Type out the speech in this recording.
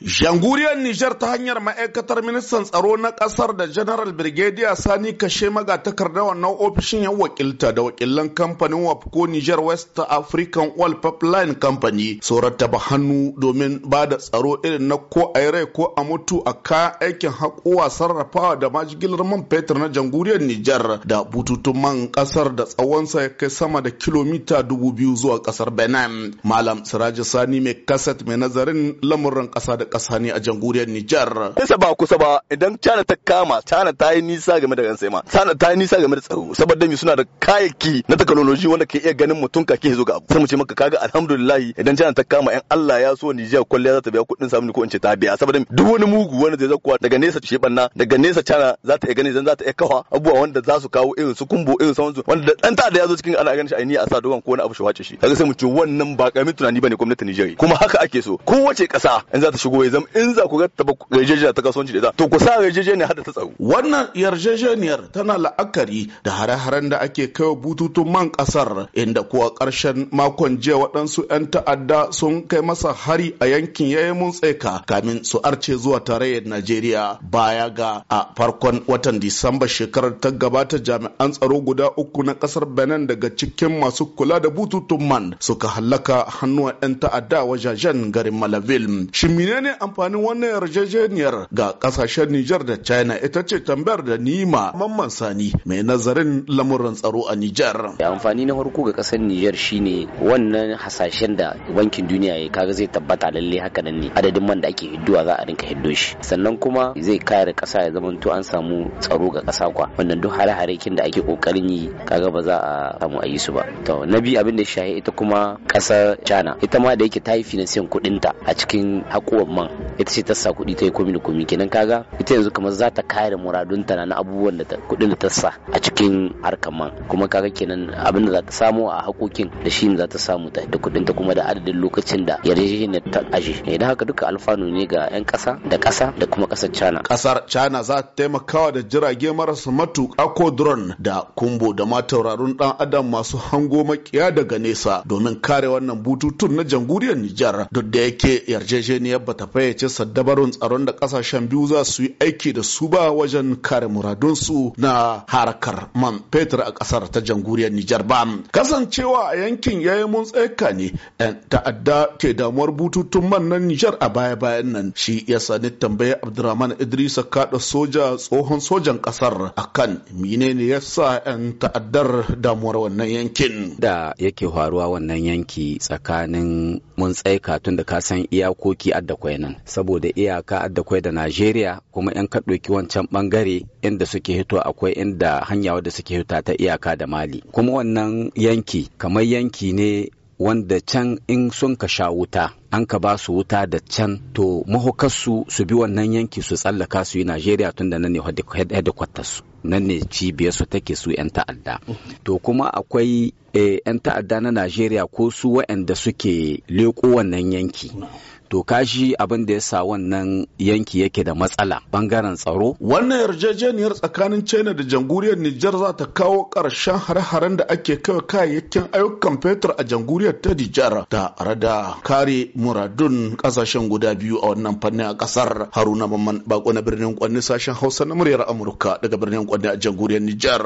Janguriyar Nijar ta hanyar ma'aikatar ministan tsaro na ƙasar da General Brigadier Sani Kashe maga takarda wannan ofishin yan wakilta da wakilan kamfanin Wapco Niger West African Oil Pipeline Company tsoron ba hannu domin ba da tsaro irin na ko a rai ko a mutu a kayan aikin haƙuwa sarrafawa da majigilar man fetur na janguriyar Nijar da bututun man kasar da tsawonsa ya kai sama da kilomita dubu biyu zuwa ƙasar Benin. Malam Siraji Sani mai kaset mai nazarin lamuran ƙasa da kasa ne a jamhuriyar Nijar. Nisa ba kusa ba idan China ta kama China ta yi nisa game da gansa ma China ta yi nisa game da tsaro saboda mu suna da kayayyaki na technology wanda ke iya ganin mutum ka ke zo ga abu sai mu ce maka kaga alhamdulillah idan China ta kama ɗan Allah ya so Nijar kwalliya za ta biya kuɗin samu ko in ce ta biya saboda duk wani mugu wanda zai zakuwa daga nesa ce banna daga nesa China za ta iya gani zan za ta iya kawa abubuwa wanda za su kawo irin su kumbo irin sauransu wanda dan ta da ya zo cikin ana ganin shi a niyya a sa dogon ko wani abu shi wace shi kaga sai mu ce wannan ba karamin tunani bane gwamnatin Nijar kuma haka ake so kowace ƙasa in za ta shigo ko zama in za ku ga taba yarjejeniya ta kasuwanci da to ku sa yarjejeniya hada ta tsaro wannan yarjejeniyar tana la'akari da hare-haren da ake kai bututun man kasar inda kuwa karshen makon jiya waɗansu 'yan ta'adda sun kai masa hari a yankin yayin tseka kamin su arce zuwa tarayyar najeriya baya ga a farkon watan disamba shekarar ta gabata jami'an tsaro guda uku na kasar benin daga cikin masu kula da bututun man suka hallaka hannuwan 'yan ta'adda wajajen garin malaville shi menene ne amfanin wannan yarjejeniyar ga kasashen Nijar da China ita ce tambayar da Nima Mamman Sani mai nazarin lamuran tsaro a Nijar. Amfani na farko ga kasar Nijar shine wannan hasashen da bankin duniya ya kaga zai tabbata lalle haka nan ne adadin man da ake hidduwa za a rinka hiddo shi sannan kuma zai kare kasa ya zama to an samu tsaro ga kasa kwa wannan duk hare-hare kin da ake kokarin yi kaga ba za a samu a yi su ba. To na biyu abin da shahi ita kuma kasar China ita ma da yake ta yi finansiyan kuɗinta a cikin haƙuwar al'umma ita ce ta sa kuɗi ta yi komi da komi kenan kaga ita yanzu kamar za ta kare muradunta na abubuwan da kuɗin da ta sa a cikin harkar ma kuma kaga kenan abin da za ta samu a hakokin da shi ne za ta samu da kuɗin ta kuma da adadin lokacin da yarjejeniyar ta aje idan haka duka alfanu ne ga 'yan kasa da kasa da kuma ƙasar China. Ƙasar China za ta taimakawa da jirage marasa matuƙa ko drone da kumbo da ma tauraron dan adam masu hango makiya daga nesa domin kare wannan bututun na jamhuriyar Nijar duk da yake yarjejeniyar bata fayyace saddabarun tsaron da kasashen biyu za su yi aiki da su ba wajen kare muradunsu na harakar man fetur a kasar ta jamhuriyar Nijar ba. Kasancewa a yankin yayi mun tsaika ne 'yan ta'adda ke damuwar bututun man na Nijar a baya-bayan nan shi ya sani tambaye Abdurrahman Idrisa kada soja tsohon sojan kasar akan menene yasa 'yan ta'addar damuwar wannan yankin. Da yake faruwa wannan yanki tsakanin mun tsaika tun da ka san iyakoki adda kenan saboda iyaka da kwai da Najeriya kuma yan ka ɗauki wancan bangare inda suke hito akwai inda hanya wadda suke hito ta iyaka da Mali kuma wannan yanki kamar yanki ne wanda can in sun ka sha wuta an ka ba su wuta da can to mahukarsu su bi wannan yanki su tsallaka su yi najeriya tun da nan ne headquarters nan ne cibiyar su take su 'yan ta'adda to kuma akwai eh, 'yan ta'adda na najeriya ko su wa'anda suke leko wannan yanki to kashi abin da ya sa wannan yanki yake da matsala bangaren tsaro wannan yarjejeniyar tsakanin china da jamhuriyar nijar za ta kawo ƙarshen har haren da ake kawo kayayyakin ayyukan fetur a jamhuriyar ta nijar tare da kare muradun ƙasashen guda biyu a wannan fannin a ƙasar haruna mamman bako na birnin kwanni sashen hausa na muryar amurka daga birnin kwanni a jamhuriyar nijar